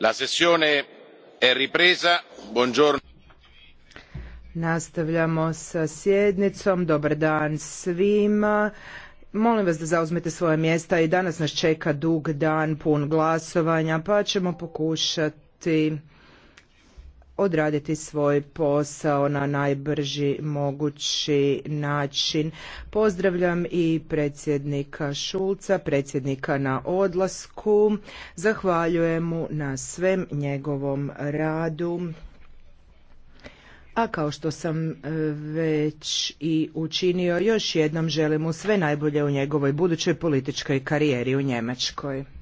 La Nastavljamo sa sjednicom. Dobar dan svima. Molim vas da zauzmete svoja mjesta i danas nas čeka dug dan pun glasovanja pa ćemo pokušati odraditi svoj posao na najbrži mogući način. Pozdravljam i predsjednika Šulca, predsjednika na odlasku. Zahvaljujem mu na svem njegovom radu. A kao što sam e, već i učinio, još jednom želim mu sve najbolje u njegovoj budućoj političkoj karijeri u Njemačkoj.